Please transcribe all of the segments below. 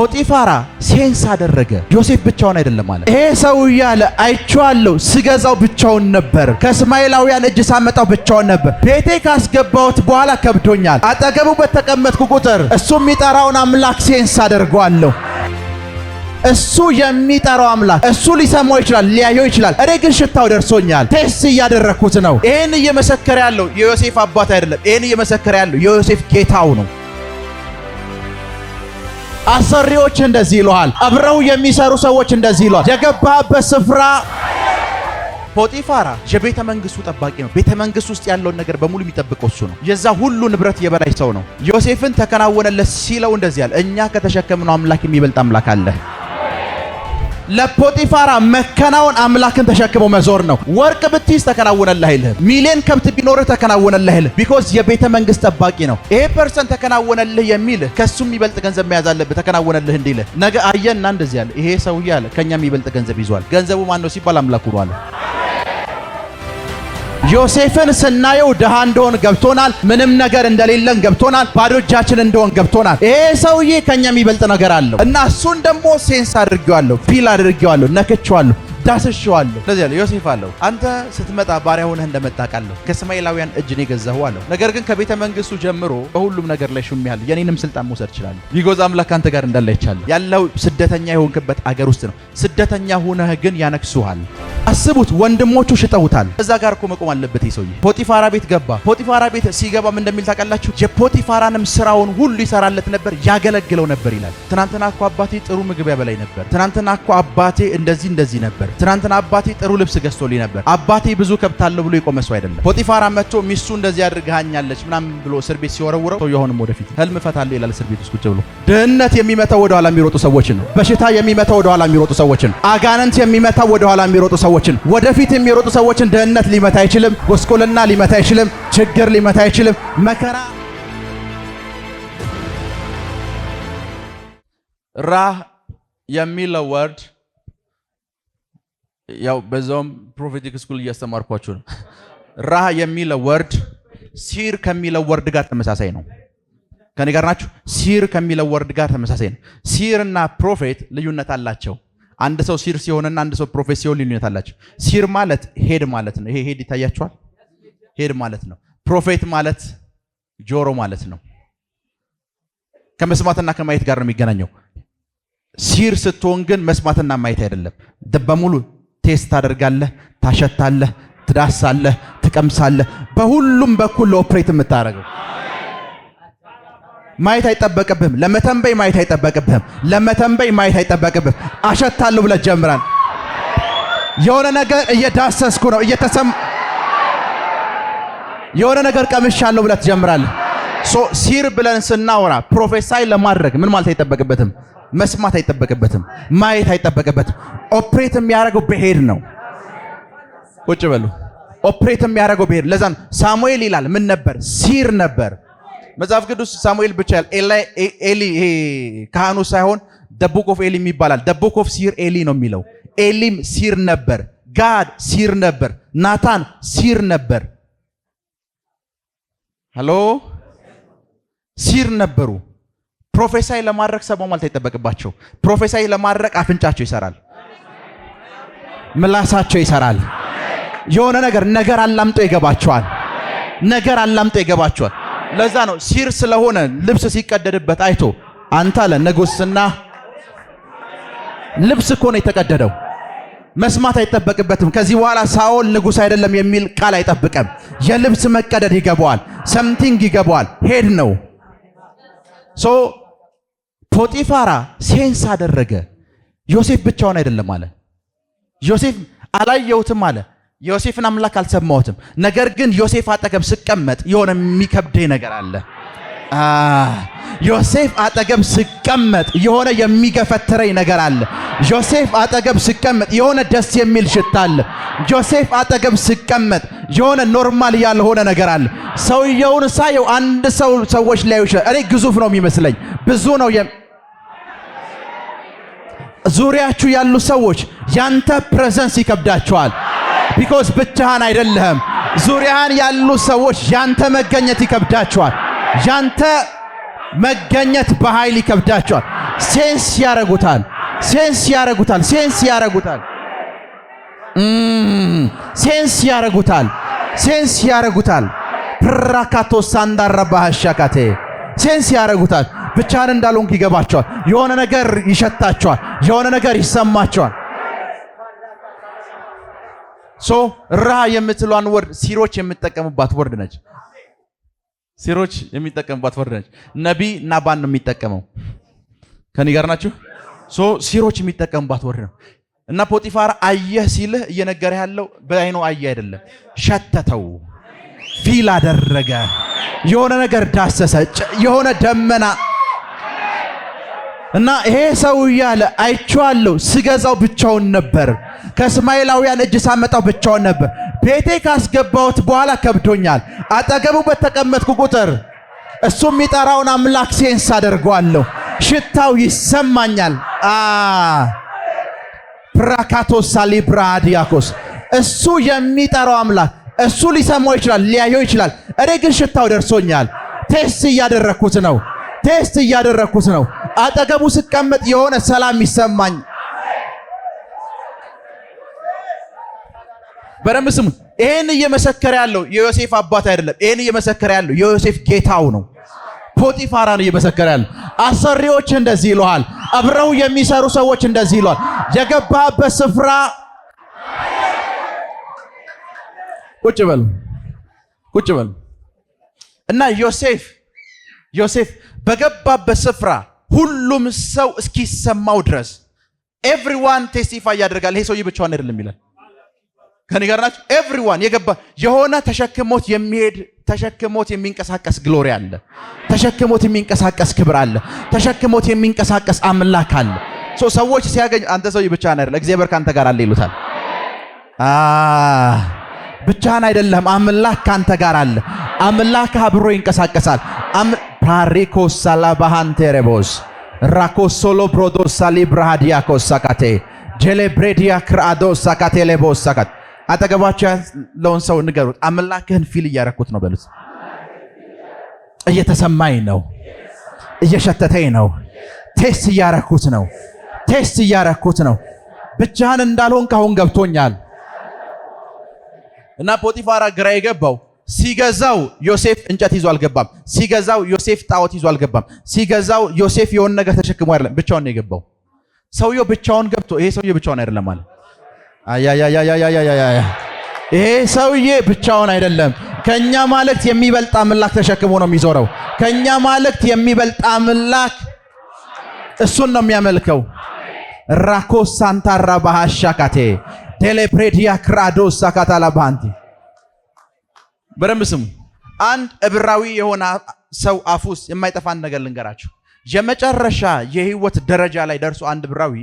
ፖጢፋራ ሴንስ አደረገ። ዮሴፍ ብቻውን አይደለም ማለት ይሄ ሰው እያለ አይቼዋለሁ፣ ስገዛው ብቻውን ነበር፣ ከእስማኤላውያን እጅ ሳመጣው ብቻውን ነበር፣ ቤቴ ካስገባሁት በኋላ ከብዶኛል። አጠገቡ በተቀመጥኩ ቁጥር እሱ የሚጠራውን አምላክ ሴንስ አደርገዋለሁ። እሱ የሚጠራው አምላክ እሱ ሊሰማው ይችላል፣ ሊያየው ይችላል። እኔ ግን ሽታው ደርሶኛል፣ ቴስት እያደረግኩት ነው። ይህን እየመሰከረ ያለው የዮሴፍ አባት አይደለም። ይህን እየመሰከረ ያለው የዮሴፍ ጌታው ነው። አሰሪዎች እንደዚህ ይለዋል። አብረው የሚሰሩ ሰዎች እንደዚህ ይለዋል። የገባበት ስፍራ ፖጢፋራ የቤተ መንግስቱ ጠባቂ ነው። ቤተ መንግስት ውስጥ ያለውን ነገር በሙሉ የሚጠብቀው እሱ ነው። የዛ ሁሉ ንብረት የበላይ ሰው ነው። ዮሴፍን ተከናወነለት ሲለው እንደዚህ ያለ እኛ ከተሸከምነው አምላክ የሚበልጥ አምላክ አለ። ለፖቲፋራ መከናወን አምላክን ተሸክሞ መዞር ነው። ወርቅ ብትይዝ ተከናወነልህ አይልህም። ሚሊዮን ከብት ቢኖርህ ተከናወነልህ አይልህም። ቢኮዝ የቤተ መንግስት ጠባቂ ነው። ይሄ ፐርሰንት ተከናወነልህ የሚልህ ከሱ የሚበልጥ ገንዘብ መያዝ አለብህ። ተከናወነልህ እንዲልህ ነገ አየና እንደዚህ ያለ ይሄ ሰውዬ አለ ከኛ የሚበልጥ ገንዘብ ይዟል። ገንዘቡ ማን ነው ሲባል አምላኩ ነው አለ። ዮሴፍን ስናየው ድሃ እንደሆን ገብቶናል። ምንም ነገር እንደሌለን ገብቶናል። ባዶ እጃችን እንደሆን ገብቶናል። ይሄ ሰውዬ ከኛ የሚበልጥ ነገር አለው እና እሱን ደግሞ ሴንስ አድርጌዋለሁ፣ ፊል አድርጌዋለሁ፣ ነክቼዋለሁ። ዳስሼዋለሁ። ለዚህ ያለው ዮሴፍ አለው አንተ ስትመጣ ባሪያ ሆነህ ቃለሁ ከእስማኤላውያን እጅ ነው የገዛሁ አለው። ነገር ግን ከቤተ መንግስቱ ጀምሮ በሁሉም ነገር ላይ ሹም ያለሁ የኔንም ስልጣን መውሰድ እችላለሁ። ቢጎዝ አምላክ አንተ ጋር እንዳለ ይቻለ ያለው ስደተኛ የሆንክበት አገር ውስጥ ነው። ስደተኛ ሆነህ ግን ያነክሱሃል። አስቡት፣ ወንድሞቹ ሽጠውታል። እዛ ጋር እኮ መቆም አለበት ይህ ሰውዬ። ፖጢፋራ ቤት ገባ። ፖጢፋራ ቤት ሲገባም እንደሚል ታውቃላችሁ፣ የፖጢፋራንም ስራውን ሁሉ ይሰራለት ነበር፣ ያገለግለው ነበር ይላል። ትናንትና እኮ አባቴ ጥሩ ምግብ በላይ ነበር፣ ትናንትና እኮ አባቴ እንደዚህ እንደዚህ ነበር ትናንትና አባቴ ጥሩ ልብስ ገዝቶልኝ ነበር። አባቴ ብዙ ከብት አለው ብሎ የቆመ ሰው አይደለም። ፖጢፋራ መጥቶ ሚስቱ እንደዚህ አድርግሃኛለች ምናምን ብሎ እስር ቤት ሲወረውረው ሰው የሆንም ወደፊት ህልም እፈታለሁ ይላል። እስር ቤት ውስጥ ቁጭ ብሎ ድህነት የሚመታው ወደ ኋላ የሚሮጡ ሰዎችን ነው። በሽታ የሚመታው ወደ ኋላ የሚሮጡ ሰዎችን፣ አጋንንት የሚመታው ወደ ኋላ የሚሮጡ ሰዎችን፣ ወደፊት የሚሮጡ ሰዎችን ድህነት ሊመታ አይችልም። ጎስቆልና ሊመታ አይችልም። ችግር ሊመታ አይችልም። መከራ ራ የሚለው ወርድ ያው በዛውም ፕሮፌቲክ ስኩል እያስተማርኳችሁ ነው። ራ የሚለው ወርድ ሲር ከሚለው ወርድ ጋር ተመሳሳይ ነው። ከኔ ጋር ናችሁ? ሲር ከሚለው ወርድ ጋር ተመሳሳይ ነው። ሲር እና ፕሮፌት ልዩነት አላቸው። አንድ ሰው ሲር ሲሆንና አንድ ሰው ፕሮፌት ሲሆን ልዩነት አላቸው። ሲር ማለት ሄድ ማለት ነው። ይሄ ሄድ ይታያችኋል። ሄድ ማለት ነው። ፕሮፌት ማለት ጆሮ ማለት ነው። ከመስማትና ከማየት ጋር ነው የሚገናኘው። ሲር ስትሆን ግን መስማትና ማየት አይደለም በሙሉ ቴስት ታደርጋለህ፣ ታሸታለህ፣ ትዳሳለህ፣ ትቀምሳለህ። በሁሉም በኩል ለኦፕሬት የምታደርገው ማየት አይጠበቅብህም። ለመተንበይ ማየት አይጠበቅብህም። ለመተንበይ ማየት አይጠበቅብህም። አሸታለሁ ብለህ ጀምራል። የሆነ ነገር እየዳሰስኩ ነው እየተሰም የሆነ ነገር ቀምሻለሁ ብለህ ትጀምራለህ። ሶ ሲር ብለን ስናወራ ፕሮፌሳይ ለማድረግ ምን ማለት አይጠበቅበትም። መስማት አይጠበቅበትም፣ ማየት አይጠበቅበትም። ኦፕሬት የሚያደርገው ብሄድ ነው። ቁጭ በሉ። ኦፕሬት የሚያደርገው ብሄድ። ለዛን ሳሙኤል ይላል ምን ነበር? ሲር ነበር። መጽሐፍ ቅዱስ ሳሙኤል ብቻ ያል ኤሊ ካህኑ ሳይሆን ደቡክ ኦፍ ኤሊም ይባላል። ደቡክ ኦፍ ሲር ኤሊ ነው የሚለው። ኤሊም ሲር ነበር፣ ጋድ ሲር ነበር፣ ናታን ሲር ነበር። ሃሎ ሲር ነበሩ። ፕሮፌሳይ ለማድረግ ሰው መሟላት አይጠበቅባቸው። ፕሮፌሳይ ለማድረግ አፍንጫቸው ይሰራል፣ ምላሳቸው ይሰራል። የሆነ ነገር ነገር አላምጦ ይገባቸዋል። ነገር አላምጦ ይገባቸዋል። ለዛ ነው ሲር ስለሆነ ልብስ ሲቀደድበት አይቶ አንተ አለ ንጉሥና ልብስ እኮ ነው የተቀደደው። መስማት አይጠበቅበትም። ከዚህ በኋላ ሳኦል ንጉሥ አይደለም የሚል ቃል አይጠብቅም። የልብስ መቀደድ ይገባዋል። ሰምቲንግ ይገባዋል። ሄድ ነው ሶ ፖጢፋራ ሴንስ አደረገ። ዮሴፍ ብቻውን አይደለም አለ። ዮሴፍ አላየሁትም አለ። ዮሴፍን አምላክ አልሰማሁትም፣ ነገር ግን ዮሴፍ አጠገብ ስቀመጥ የሆነ የሚከብደኝ ነገር አለ። ዮሴፍ አጠገብ ስቀመጥ የሆነ የሚገፈትረኝ ነገር አለ። ዮሴፍ አጠገብ ስቀመጥ የሆነ ደስ የሚል ሽታ አለ። ዮሴፍ አጠገብ ስቀመጥ የሆነ ኖርማል ያልሆነ ነገር አለ። ሰውየውን ሳየው አንድ ሰው ሰዎች ላይ እኔ ግዙፍ ነው የሚመስለኝ ብዙ ነው ዙሪያችሁ ያሉ ሰዎች ያንተ ፕሬዘንስ ይከብዳቸዋል። ቢኮዝ ብቻህን አይደለህም። ዙሪያን ያሉ ሰዎች ያንተ መገኘት ይከብዳቸዋል። ያንተ መገኘት በኃይል ይከብዳቸዋል። ሴንስ ያረጉታል። ሴንስ ያረጉታል። ሴንስ ያረጉታል። ሴንስ mm. ያረጉታል። ሴንስ ያረጉታል። ፕራካቶ ሳንዳረባሃሻካቴ ሴንስ ያረጉታል። ብቻን እንዳልሆንክ ይገባቸዋል። የሆነ ነገር ይሸታቸዋል። የሆነ ነገር ይሰማቸዋል። ሶ ራ የምትሏን ወርድ ሲሮች የምጠቀሙባት ወርድ ነች። ሲሮች የሚጠቀሙባት ወርድ ነች። ነቢ ናባን ነው የሚጠቀመው። ከኔ ጋር ናችሁ? ሶ ሲሮች የሚጠቀሙባት ወርድ ነው እና ፖጢፋር አየህ ሲልህ እየነገረ ያለው በአይኑ አየ አይደለም፣ ሸተተው፣ ፊል አደረገ፣ የሆነ ነገር ዳሰሰ፣ የሆነ ደመና እና ይሄ ሰው እያለ አይቼዋለሁ። ስገዛው ብቻውን ነበር፣ ከእስማኤላውያን እጅ ሳመጣው ብቻውን ነበር። ቤቴ ካስገባሁት በኋላ ከብዶኛል። አጠገቡ በተቀመጥኩ ቁጥር እሱ የሚጠራውን አምላክ ሴንስ አደርገዋለሁ፣ ሽታው ይሰማኛል። ፕራካቶስ ሳሊብራ እሱ የሚጠራው አምላክ እሱ ሊሰማው ይችላል፣ ሊያየው ይችላል። እኔ ግን ሽታው ደርሶኛል፣ ቴስት እያደረግኩት ነው። ቴስት እያደረግኩት ነው። አጠገቡ ስቀመጥ የሆነ ሰላም ይሰማኝ። በደንብ ስሙ። ይሄን እየመሰከረ ያለው የዮሴፍ አባት አይደለም። ይሄን እየመሰከረ ያለው የዮሴፍ ጌታው ነው። ፖጢፋራ እየመሰከረ ያለው። አሰሪዎች እንደዚህ ይለዋል። አብረው የሚሰሩ ሰዎች እንደዚህ ይለዋል። የገባበት ስፍራ ቁጭ በል ቁጭ በል እና ዮሴፍ ዮሴፍ በገባበት ስፍራ ሁሉም ሰው እስኪሰማው ድረስ ኤቭሪዋን ቴስቲፋይ ያደርጋል። ይሄ ሰውዬ ብቻዋን አይደለም ይላል። ከኔ ጋር ናቸው። ኤቭሪዋን የገባ የሆነ ተሸክሞት የሚሄድ ተሸክሞት የሚንቀሳቀስ ግሎሪ አለ። ተሸክሞት የሚንቀሳቀስ ክብር አለ። ተሸክሞት የሚንቀሳቀስ አምላክ አለ። ሰዎች ሲያገኝ አንተ ሰውዬ ብቻህን አይደለም፣ እግዚአብሔር ከአንተ ጋር አለ ይሉታል። ብቻህን አይደለም፣ አምላክ ከአንተ ጋር አለ። አምላክ አብሮ ይንቀሳቀሳል። ፓሪኮ ሳላባሃንቴሬቦስ ራኮሶሎ ብሮዶሳ ሊብራሃዲያኮስ ሳካቴ ጀሌብሬዲያ ክርአዶስ ሳካቴሌቦስ ሳካት አጠገባቸው ያለውን ሰው ንገሩት፣ አምላክህን ፊል እያረኩት ነው በሉት። እየተሰማኝ ነው፣ እየሸተተኝ ነው፣ ቴስት እያረኩት ነው፣ ቴስት እያረኩት ነው። ብቻህን እንዳልሆን ካሁን ገብቶኛል። እና ፖጢፋራ ግራ የገባው ሲገዛው ዮሴፍ እንጨት ይዞ አልገባም። ሲገዛው ዮሴፍ ጣዖት ይዞ አልገባም። ሲገዛው ዮሴፍ የሆነ ነገር ተሸክሞ አይደለም፣ ብቻውን ነው የገባው። ሰውየው ብቻውን ገብቶ ይሄ ሰውዬ ብቻውን አይደለም አለ። አያያያያያያያ ይሄ ሰውዬ ብቻውን አይደለም። ከኛ ማለክት የሚበልጥ አምላክ ተሸክሞ ነው የሚዞረው። ከኛ ማለክት የሚበልጥ አምላክ እሱን ነው የሚያመልከው። ራኮ ሳንታራ ባሃሻካቴ ቴሌፕሬዲያ ክራዶ ሳካታላ ባንቴ በደንብ ስሙ። አንድ እብራዊ የሆነ ሰው አፍ ውስጥ የማይጠፋን ነገር ልንገራችሁ። የመጨረሻ የህይወት ደረጃ ላይ ደርሶ አንድ እብራዊ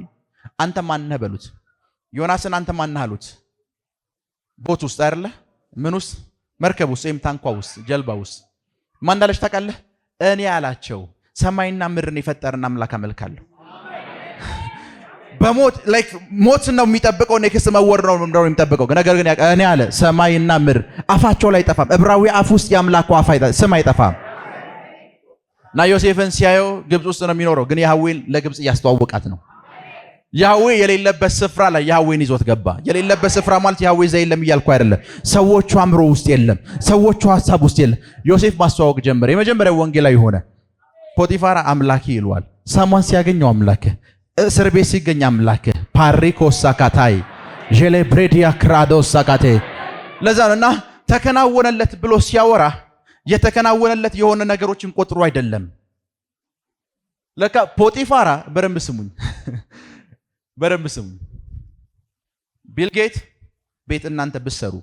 አንተ ማነህ በሉት። ዮናስን አንተ ማነህ አሉት። ቦት ውስጥ አይደለ? ምን ውስጥ? መርከብ ውስጥ ወይም ታንኳ ውስጥ፣ ጀልባ ውስጥ ማን እንዳለች ታውቃለህ? እኔ አላቸው ሰማይና ምድርን የፈጠርን አምላክ አመልካለሁ በሞት ላይክ ሞት ነው የሚጠብቀው፣ ኔክስት መወር ነው የሚጠብቀው። ነገር ግን እኔ አለ ሰማይና ምድር አፋቸው ላይ አይጠፋም። ዕብራዊ አፍ ውስጥ ያምላኩ አፍ ስም አይጠፋም። እና ዮሴፍን ሲያየው ግብፅ ውስጥ ነው የሚኖረው፣ ግን ያህዌን ለግብፅ እያስተዋወቃት ነው። ያህዌ የሌለበት ስፍራ ላይ ያህዌን ይዞት ገባ። የሌለበት ስፍራ ማለት ያህዌ እዛ የለም እያልኩ አይደለም። ሰዎቹ አእምሮ ውስጥ የለም፣ ሰዎቹ ሀሳብ ውስጥ የለም። ዮሴፍ ማስተዋወቅ ጀመረ። የመጀመሪያው ወንጌላዊ ሆነ። ፖጢፋራ አምላኬ ይለዋል። ሳሟን ሲያገኘው አምላክ እስር ቤት ሲገኝ አምላክህ ፓሪኮ ሳካታይ ዤሌ ብሬዲያ ክራዶ ሳካቴ ለዛ ነውና ተከናወነለት ብሎ ሲያወራ የተከናወነለት የሆነ ነገሮችን ቆጥሮ አይደለም። ለካ ፖጢፋራ በደንብ ስሙኝ፣ በደንብ ስሙኝ። ቢልጌት ቤት እናንተ ብትሰሩ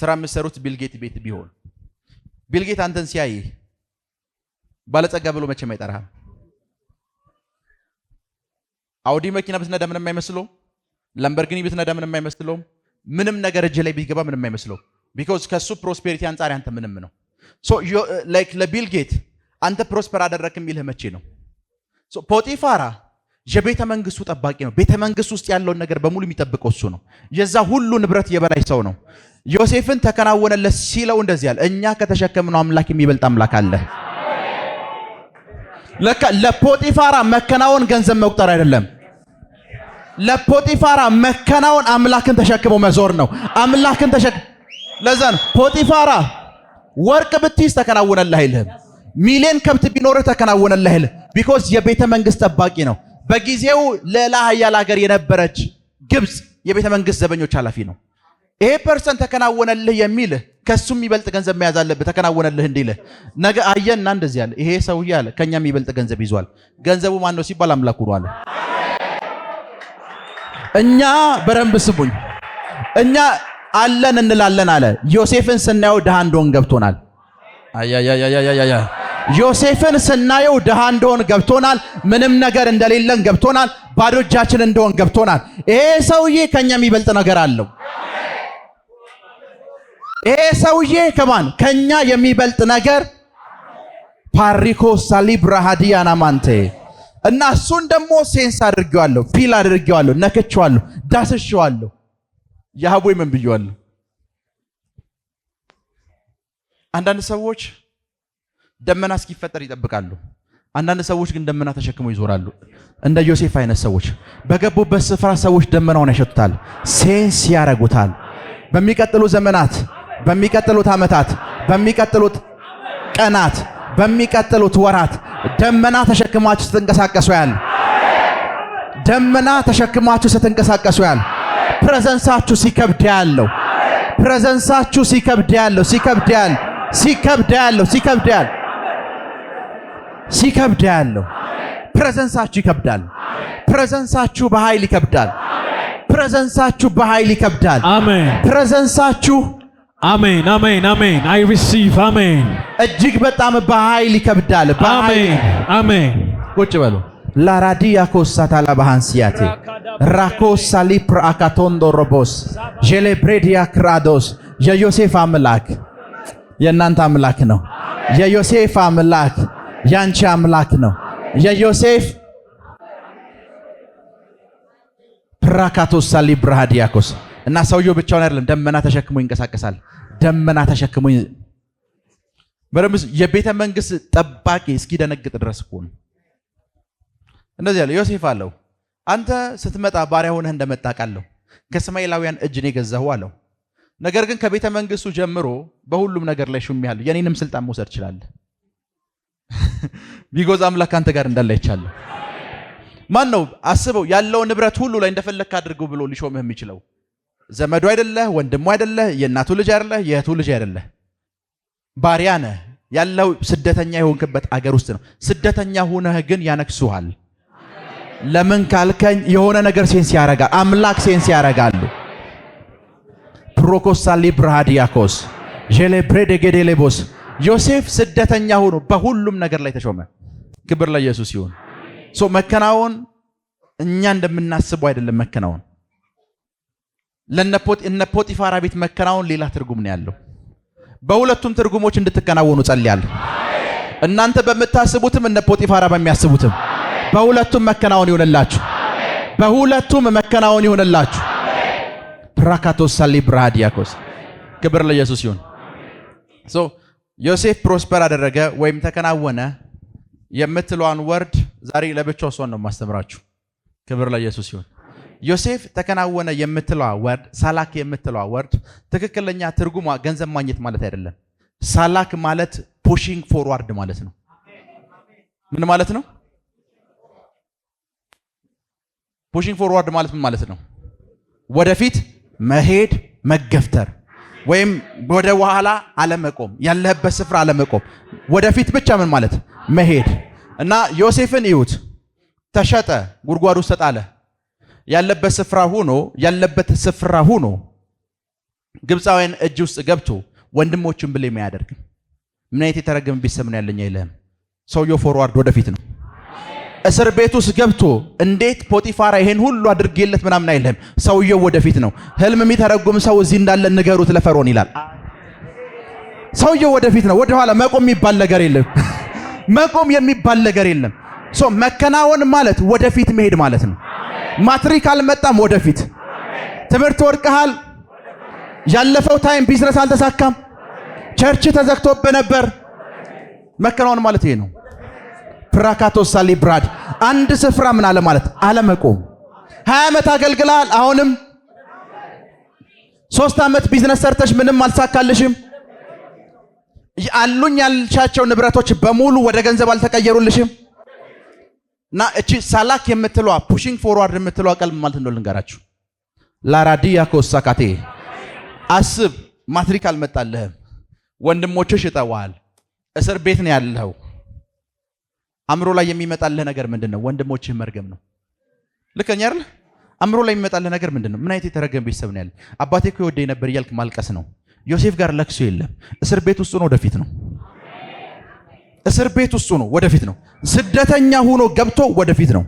ስራ የምትሰሩት ቢልጌት ቤት ቢሆን ቢልጌት አንተን ሲያይ ባለጸጋ ብሎ መቼም አይጠራህም። አውዲ መኪና ብትነዳ ምንም አይመስለውም። ለምበርግኒ ብትነዳ ምንም አይመስለውም። ምንም ነገር እጅ ላይ ቢገባ ምንም አይመስለው። ቢኮዝ ከሱ ፕሮስፔሪቲ አንጻር ያንተ ምንም ነው። ሶ ላይክ ለቢል ጌት አንተ ፕሮስፐር አደረክ የሚልህ መቼ ነው? ሶ ፖጢፋራ የቤተ መንግስቱ ጠባቂ ነው። ቤተ መንግስት ውስጥ ያለውን ነገር በሙሉ የሚጠብቀው እሱ ነው። የዛ ሁሉ ንብረት የበላይ ሰው ነው። ዮሴፍን ተከናወነለት ሲለው እንደዚህ ያለ እኛ ከተሸከምነው አምላክ የሚበልጥ አምላክ አለ። ለካ መከናወን ገንዘብ መቁጠር አይደለም። ለፖጢፋራ መከናወን አምላክን ተሸክሞ መዞር ነው። አምላክን ተሸክ ለዛ ነው ፖጢፋራ ወርቅ ብትይዝ ተከናወነልህ አይልህም። ሚሊዮን ከብት ቢኖርህ ተከናወነልህ አይልህ። ቢኮዝ የቤተ መንግስት ጠባቂ ነው። በጊዜው ልዕለ ኃያል ሀገር የነበረች ግብፅ የቤተ መንግስት ዘበኞች ኃላፊ ነው። ይሄ ፐርሰን ተከናወነልህ የሚልህ ከሱ የሚበልጥ ገንዘብ መያዝ አለብህ። ተከናወነልህ እንዲልህ ነገ አየና እንደዚህ አለ፣ ይሄ ሰውዬ አለ ከኛ የሚበልጥ ገንዘብ ይዟል። ገንዘቡ ማን ነው ሲባል አምላኩ ነው አለ። እኛ በረንብ ስቡኝ እኛ አለን እንላለን አለ። ዮሴፍን ስናየው ድሃ እንደሆን ገብቶናል። አያያያያያያ ዮሴፍን ስናየው ድሃ እንደሆን ገብቶናል። ምንም ነገር እንደሌለን ገብቶናል። ባዶ እጃችን እንደሆን ገብቶናል። ይሄ ሰውዬ ከኛ የሚበልጥ ነገር አለው። ይሄ ሰውዬ ከማን ከኛ የሚበልጥ ነገር ፓሪኮ ሳሊብ ሃዲያና ማንቴ እና እሱን ደግሞ ሴንስ አድርጌዋለሁ፣ ፊል አድርጌዋለሁ፣ ነክቼዋለሁ፣ ዳስሼዋለሁ። ያህቦይ ምን ብዬዋለሁ? አንዳንድ ሰዎች ደመና እስኪፈጠር ይጠብቃሉ። አንዳንድ ሰዎች ግን ደመና ተሸክመው ይዞራሉ። እንደ ዮሴፍ አይነት ሰዎች በገቡበት ስፍራ ሰዎች ደመናውን ያሸቱታል፣ ሴንስ ያረጉታል። በሚቀጥሉ ዘመናት፣ በሚቀጥሉት ዓመታት፣ በሚቀጥሉት ቀናት በሚቀጥሉት ወራት ደመና ተሸክማችሁ ስትንቀሳቀሱ ያል ደመና ተሸክማችሁ ስትንቀሳቀሱ ያል ፕሬዘንሳችሁ ሲከብድ ያለው ፕሬዘንሳችሁ ሲከብድ ያለው ሲከብድ ያለው ሲከብድ ያለው ሲከብድ ያለው ሲከብድ ያለው ፕሬዘንሳችሁ ይከብዳል። ፕሬዘንሳችሁ በኃይል ይከብዳል። ፕሬዘንሳችሁ በኃይል ይከብዳል። ፕሬዘንሳችሁ አሜን አሜን አሜን። አይ ሪሲቭ አሜን። እጅግ በጣም በኃይል ይከብዳል። በአሜን አሜን። ቁጭ በሉ። ላራዲያ ኮሳታላ ባሃንሲያቴ ራኮሳ ሊፕር አካቶንዶ ሮቦስ ዤሌብሬዲያ ክራዶስ የዮሴፍ አምላክ የእናንተ አምላክ ነው። የዮሴፍ አምላክ ያንቺ አምላክ ነው። የዮሴፍ ፕራካቶሳ ሊብራሃዲያኮስ እና ሰውየው ብቻውን አይደለም፣ ደመና ተሸክሞ ይንቀሳቀሳል። ደመና ተሸክሞኝ በደምብ የቤተ መንግስት ጠባቂ እስኪደነግጥ ድረስ እኮ ነው። እንደዚህ ያለው ዮሴፍ አለው፣ አንተ ስትመጣ ባሪያ ሆነህ እንደመጣ ቃለሁ ከእስማኤላውያን እጅ ነው የገዛሁ አለው። ነገር ግን ከቤተ መንግስቱ ጀምሮ በሁሉም ነገር ላይ ሹም ያለው የኔንም ስልጣን መውሰድ ትችላለህ። ቢጎዛ አምላክ አንተ ጋር እንዳለ ይቻለሁ። ማን ነው አስበው ያለውን ንብረት ሁሉ ላይ እንደፈለግህ አድርገው ብሎ ሊሾምህ የሚችለው? ዘመዱ አይደለህ፣ ወንድሙ አይደለህ፣ የእናቱ ልጅ አይደለህ፣ የእህቱ ልጅ አይደለህ። ባሪያ ነህ። ያለው ስደተኛ የሆንክበት አገር ውስጥ ነው። ስደተኛ ሁነህ ግን ያነግሱሃል። ለምን ካልከኝ የሆነ ነገር ሴንስ ያረጋል። አምላክ ሴንስ ያረጋሉ። ፕሮኮሳሊ ብራሃዲያኮስ ጄሌ ዮሴፍ ስደተኛ ሆኖ በሁሉም ነገር ላይ ተሾመ። ክብር ለኢየሱስ ይሁን። ሶ መከናወን እኛ እንደምናስበው አይደለም መከናወን እነ ቤት መከናወን ሌላ ትርጉም ነው ያለው። በሁለቱም ትርጉሞች እንድትከናወኑ ጸልያለሁ። እናንተ በምታስቡትም እነ በሚያስቡትም በሁለቱም መከናወን ይሆንላችሁ። በሁለቱም መከናወን ይሆንላችሁ። ፕራካቶሳሊ ብርሃዲያኮስ ክብር ለኢየሱስ ይሁን። ሶ ዮሴፍ ፕሮስፐር አደረገ ወይም ተከናወነ የምትለዋን ወርድ ዛሬ ለብቻው ሰውን ነው የማስተምራችሁ። ክብር ለኢየሱስ ይሁን። ዮሴፍ ተከናወነ የምትለዋ ወርድ ሳላክ የምትለዋ ወርድ ትክክለኛ ትርጉሟ ገንዘብ ማግኘት ማለት አይደለም። ሳላክ ማለት ፑሽንግ ፎርዋርድ ማለት ነው። ምን ማለት ነው? ፑሽንግ ፎርዋርድ ማለት ምን ማለት ነው? ወደፊት መሄድ መገፍተር፣ ወይም ወደ ኋላ አለመቆም፣ ያለህበት ስፍራ አለመቆም፣ ወደፊት ብቻ ምን ማለት መሄድ እና ዮሴፍን እዩት። ተሸጠ፣ ጉድጓድ ውስጥ ተጣለ። ያለበት ስፍራ ሆኖ ያለበት ስፍራ ሆኖ ግብፃውያን እጅ ውስጥ ገብቶ ወንድሞቹን ብለ የሚያደርግ ምን አይነት የተረገመ ቤተሰብ ነው ያለኝ አይልህም። ሰውየው ፎርዋርድ ወደፊት ነው። እስር ቤት ውስጥ ገብቶ እንዴት ፖቲፋራ ይሄን ሁሉ አድርጌለት ምናምን አይለህም ሰውየው ወደፊት ነው። ህልም የሚተረጉም ሰው እዚህ እንዳለ ንገሩት ለፈሮን ይላል። ሰውየው ወደፊት ነው። ወደኋላ መቆም የሚባል ነገር የለም። መቆም የሚባል ነገር የለም። ሶ መከናወን ማለት ወደፊት መሄድ ማለት ነው። ማትሪክ አልመጣም ወደፊት። ትምህርት ወድቀሃል። ያለፈው ታይም ቢዝነስ አልተሳካም። ቸርች ተዘግቶብህ ነበር። መከናወን ማለት ይሄ ነው። ፕራካቶ ሳሊ ብራድ አንድ ስፍራ ምን አለ ማለት አለመቆም። ሀያ ዓመት አገልግላል አሁንም ሶስት ዓመት ቢዝነስ ሰርተሽ ምንም አልሳካልሽም። አሉኝ ያልሻቸው ንብረቶች በሙሉ ወደ ገንዘብ አልተቀየሩልሽም። እና እቺ ሳላክ የምትለዋ ፑሽንግ ፎርዋርድ የምትለዋ ቀልብ ማለት ነው። ልንገራችሁ። ላራዲያ ኮሳካቴ አስብ፣ ማትሪክ አልመጣልህም፣ ወንድሞቹ ሽጠዋል፣ እስር ቤት ነው ያለው። አእምሮ ላይ የሚመጣልህ ነገር ምንድን ነው? ወንድሞችህ መርገም ነው። ልከኛ አይደል? አእምሮ ላይ የሚመጣልህ ነገር ምንድን ነው? ምን አይነት የተረገም ቤተሰብ ነው ያለ? አባቴ እኮ ይወደኝ ነበር እያልክ ማልቀስ ነው። ዮሴፍ ጋር ለቅሶ የለም፣ እስር ቤት ውስጥ ነው፣ ወደፊት ነው እስር ቤት ውስጥ ነው፣ ወደፊት ነው። ስደተኛ ሆኖ ገብቶ ወደፊት ነው።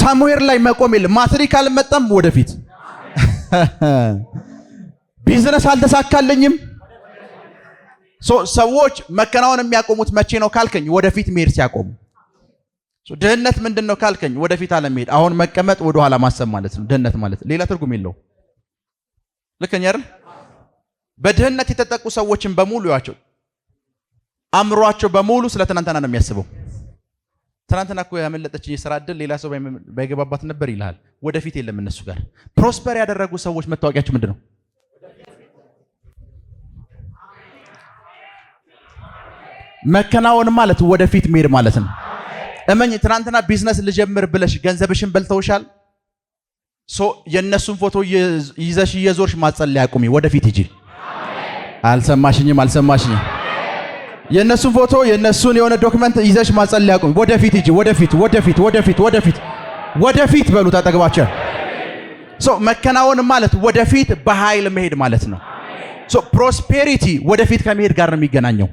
ሳሙኤል ላይ መቆም የለም። ማትሪክ አልመጣም፣ ወደፊት ቢዝነስ አልተሳካለኝም። ሰዎች መከናወን የሚያቆሙት መቼ ነው ካልከኝ፣ ወደፊት መሄድ ሲያቆሙ። ድህነት ምንድን ነው ካልከኝ፣ ወደፊት አለመሄድ፣ አሁን መቀመጥ፣ ወደኋላ ማሰብ ማለት ነው ድህነት ማለት። ሌላ ትርጉም የለው። ልከኛ አይደል? በድህነት የተጠቁ ሰዎችን በሙሉ ያቸው አእምሯቸው በሙሉ ስለ ትናንትና ነው የሚያስበው። ትናንትና እኮ ያመለጠችን የስራ እድል ሌላ ሰው ባይገባባት ነበር ይልሃል። ወደፊት የለም እነሱ ጋር። ፕሮስፐር ያደረጉ ሰዎች መታወቂያቸው ምንድን ነው? መከናወን ማለት ወደፊት መሄድ ማለት ነው። እመኝ ትናንትና ቢዝነስ ልጀምር ብለሽ ገንዘብሽን በልተውሻል። የእነሱን ፎቶ ይዘሽ እየዞርሽ ማጸለያ ሊያቁሚ ወደፊት ሂጂ። አልሰማሽኝም? አልሰማሽኝም? የእነሱን ፎቶ የእነሱን የሆነ ዶክመንት ይዘሽ ማጸል ቁም። ወደፊት ሂጂ። ወደፊት ወደፊት ወደፊት ወደፊት ወደፊት በሉት አጠገባቸው። ሶ መከናወን ማለት ወደፊት በኃይል መሄድ ማለት ነው። ሶ ፕሮስፔሪቲ ወደፊት ከመሄድ ጋር ነው የሚገናኘው።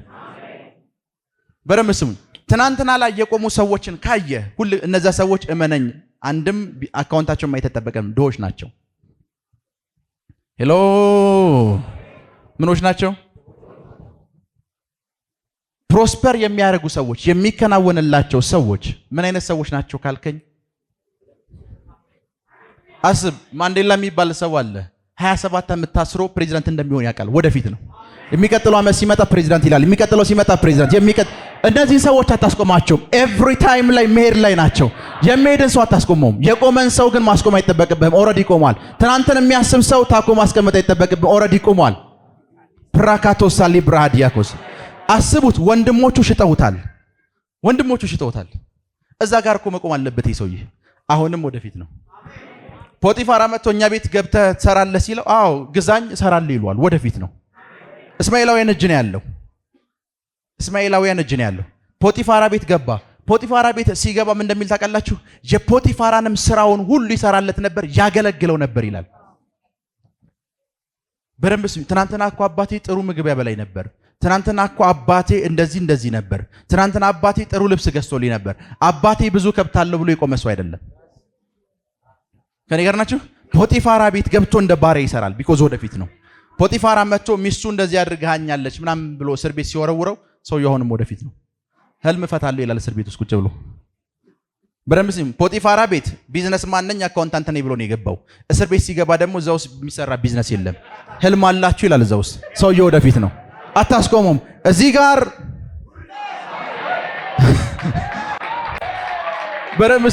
በደምብ ትናንትና ላይ የቆሙ ሰዎችን ካየ ሁሉ እነዛ ሰዎች እመነኝ፣ አንድም አካውንታቸው ማየት ድሆች ናቸው። ሄሎ ምኖች ናቸው? ፕሮስፐር የሚያደርጉ ሰዎች የሚከናወንላቸው ሰዎች ምን አይነት ሰዎች ናቸው ካልከኝ፣ አስብ ማንዴላ የሚባል ሰው አለ። 27 ዓመት ታስሮ ፕሬዚዳንት እንደሚሆን ያውቃል። ወደፊት ነው የሚቀጥለው ዓመት ሲመጣ ፕሬዚዳንት ይላል። የሚቀጥለው ሲመጣ ፕሬዚዳንት የሚቀጥ እነዚህን ሰዎች አታስቆማቸውም። ኤቭሪ ታይም ላይ መሄድ ላይ ናቸው። የሚሄድን ሰው አታስቆመውም። የቆመን ሰው ግን ማስቆም አይጠበቅብህም። ኦልሬዲ ቆሟል። ትናንትን የሚያስብ ሰው ታኮ ማስቀመጥ አይጠበቅብህም። ኦልሬዲ ቆሟል። ፕራካቶሳ ሊብራሃ ዲያኮስ አስቡት። ወንድሞቹ ሽጠውታል፣ ወንድሞቹ ሽጠውታል። እዛ ጋር እኮ መቆም አለበት ይህ ሰውዬ። አሁንም ወደፊት ነው። ፖጢፋራ መጥቶ እኛ ቤት ገብተህ ትሰራለህ ሲለው፣ አዎ ግዛኝ እሰራለሁ ይሏል። ወደፊት ነው። እስማኤላውያን እጅ ነው ያለው። እስማኤላውያን እጅ ነው ያለው። ፖጢፋራ ቤት ገባ። ፖጢፋራ ቤት ሲገባም እንደሚል ታውቃላችሁ፣ የፖጢፋራንም ስራውን ሁሉ ይሰራለት ነበር፣ ያገለግለው ነበር ይላል። በደንብ ስሚ። ትናንትና እኮ አባቴ ጥሩ ምግብ በላይ ነበር። ትናንትና እኮ አባቴ እንደዚህ እንደዚህ ነበር። ትናንትና አባቴ ጥሩ ልብስ ገዝቶልኝ ነበር። አባቴ ብዙ ከብት አለው ብሎ የቆመ ሰው አይደለም። ከኔ ጋር ፖጢፋራ ቤት ገብቶ እንደ ባሪያ ይሰራል። ቢኮዝ ወደፊት ነው። ፖጢፋራ መጥቶ ሚስቱ እንደዚህ አድርጋኛለች ምናምን ብሎ እስር ቤት ሲወረውረው ሰውየው አሁንም ወደፊት ነው። ህልም እፈታለሁ ይላል እስር ቤት ውስጥ ቁጭ ብሎ በደንብ ፖጢፋራ ቤት ቢዝነስ ማነኝ አካውንታንት ነኝ ብሎ ነው የገባው። እስር ቤት ሲገባ ደግሞ እዛ ውስጥ የሚሰራ ቢዝነስ የለም። ህልም አላችሁ ይላል። እዛ ውስጥ ሰውዬ ወደፊት ነው፣ አታስቆሙም። እዚህ ጋር በደንብ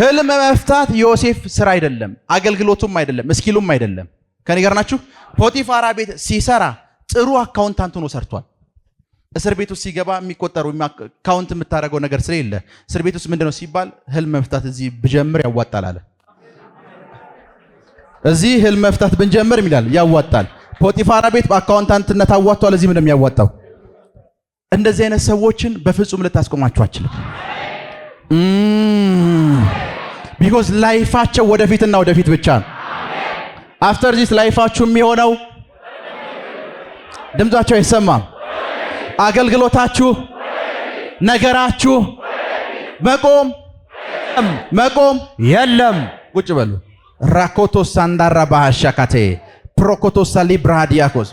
ህልም መፍታት ዮሴፍ ስራ አይደለም፣ አገልግሎቱም አይደለም፣ እስኪሉም አይደለም። ከኔ ጋር ፖጢፋራ ቤት ሲሰራ ጥሩ አካውንታንት ሆኖ ሰርቷል። እስር ቤት ውስጥ ሲገባ የሚቆጠሩ ካውንት የምታደርገው ነገር ስለሌለ እስር ቤት ውስጥ ምንድነው ሲባል ህልም መፍታት እዚህ ብጀምር ያዋጣል አለ። እዚህ ህልም መፍታት ብንጀምር ይላል ያዋጣል። ፖቲፋራ ቤት በአካውንታንትነት አዋጥቷል። እዚህ ምንም ያዋጣው እንደዚህ አይነት ሰዎችን በፍጹም ልታስቆማቸው አችልም። ቢኮዝ ላይፋቸው ወደፊትና ወደፊት ብቻ ነው። አፍተር ዚስ ላይፋችሁ የሚሆነው ድምጻቸው አይሰማም። አገልግሎታችሁ፣ ነገራችሁ መቆም መቆም የለም። ቁጭ በሉ። ራኮቶ ሳንዳራ ባሻካቴ ፕሮኮቶ ሳሊ ብራዲያኮስ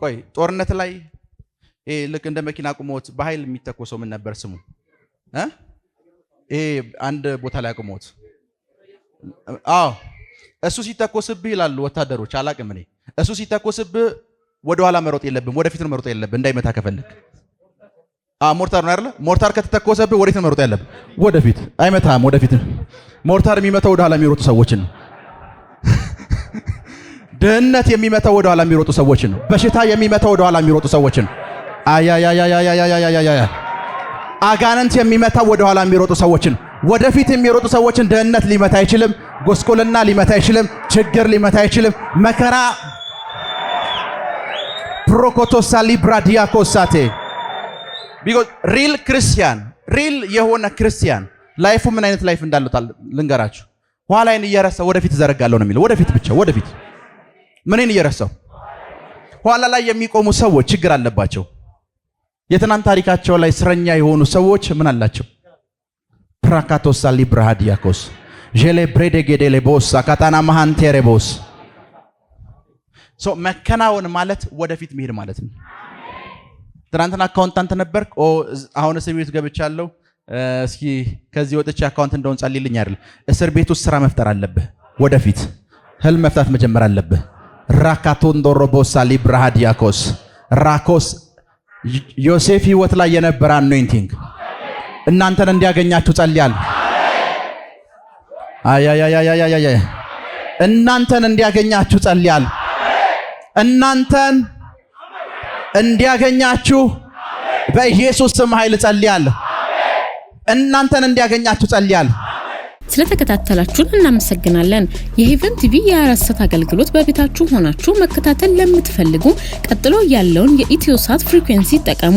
ቆይ ጦርነት ላይ ልክ እንደ መኪና ቁሞት በኃይል የሚተኮሰው ምን ነበር ስሙ? አንድ ቦታ ላይ ቁሞት፣ አዎ እሱ ሲተኮስብህ ይላሉ ወታደሮች። አላቅም እኔ እሱ ሲተኮስብህ ወደኋላ መሮጥ የለብም፣ ወደፊት ነው መሮጥ የለብህ። እንዳይመታ ከፈልግ ሞርታር ነው አይደለ? ሞርታር ከተተኮሰብህ ወዴት ነው መሮጥ ያለብህ? ወደፊት። አይመታም፣ ወደፊት ነው። ሞርታር የሚመታው ወደኋላ የሚሮጡ ሰዎችን ነው። ድህነት የሚመታው ወደኋላ የሚሮጡ ሰዎችን ነው። በሽታ የሚመታው ወደኋላ የሚሮጡ ሰዎችን ነው። አያያያያያያያያያ አጋንንት የሚመታው ወደኋላ የሚሮጡ ሰዎችን ነው። ወደፊት የሚሮጡ ሰዎችን ደህንነት ሊመታ አይችልም። ጎስቆልና ሊመታ አይችልም። ችግር ሊመታ አይችልም። መከራ ፕሮኮቶሳ ሊብራ ዲያኮሳቴ ቢኮዝ ሪል ክርስቲያን ሪል የሆነ ክርስቲያን ላይፉ ምን አይነት ላይፍ እንዳለው ልንገራችሁ። ኋላይን እየረሳው ወደፊት እዘረጋለሁ ነው የሚለው። ወደፊት ብቻ ወደፊት ምንን እየረሳው ኋላ ላይ የሚቆሙ ሰዎች ችግር አለባቸው። የትናንት ታሪካቸው ላይ እስረኛ የሆኑ ሰዎች ምን አላቸው? ፕራካቶሳ ሊብራ ዲያኮስ ጄሌ ብሬዴ ጌዴሌ ቦሳ ካታና ቦስ መከናወን ማለት ወደፊት መሄድ ማለት ነው። ትናንትና አካውንታንት ነበር፣ አሁን እስር ቤት ገብቻለሁ፣ እስኪ ከዚህ ወጥቼ አካውንት እንደሆን ጸልይልኝ አይደል። እስር ቤት ውስጥ ስራ መፍጠር አለብህ። ወደፊት ህልም መፍታት መጀመር አለብህ። ራካቶን ዶሮቦሳ ሊብራሃ ዲያኮስ ራኮስ ዮሴፍ ህይወት ላይ የነበረ አኖይንቲንግ እናንተን እንዲያገኛችሁ ጸልያል። እናንተን እንዲያገኛችሁ ጸልያል። እናንተን እንዲያገኛችሁ በኢየሱስ ስም ኃይል ጸልያለሁ። እናንተን እንዲያገኛችሁ ጸልያለሁ። ስለተከታተላችሁን እናመሰግናለን። የሄቨን ቲቪ የአራሰት አገልግሎት በቤታችሁ ሆናችሁ መከታተል ለምትፈልጉ ቀጥሎ ያለውን የኢትዮሳት ፍሪኩዌንሲ ይጠቀሙ።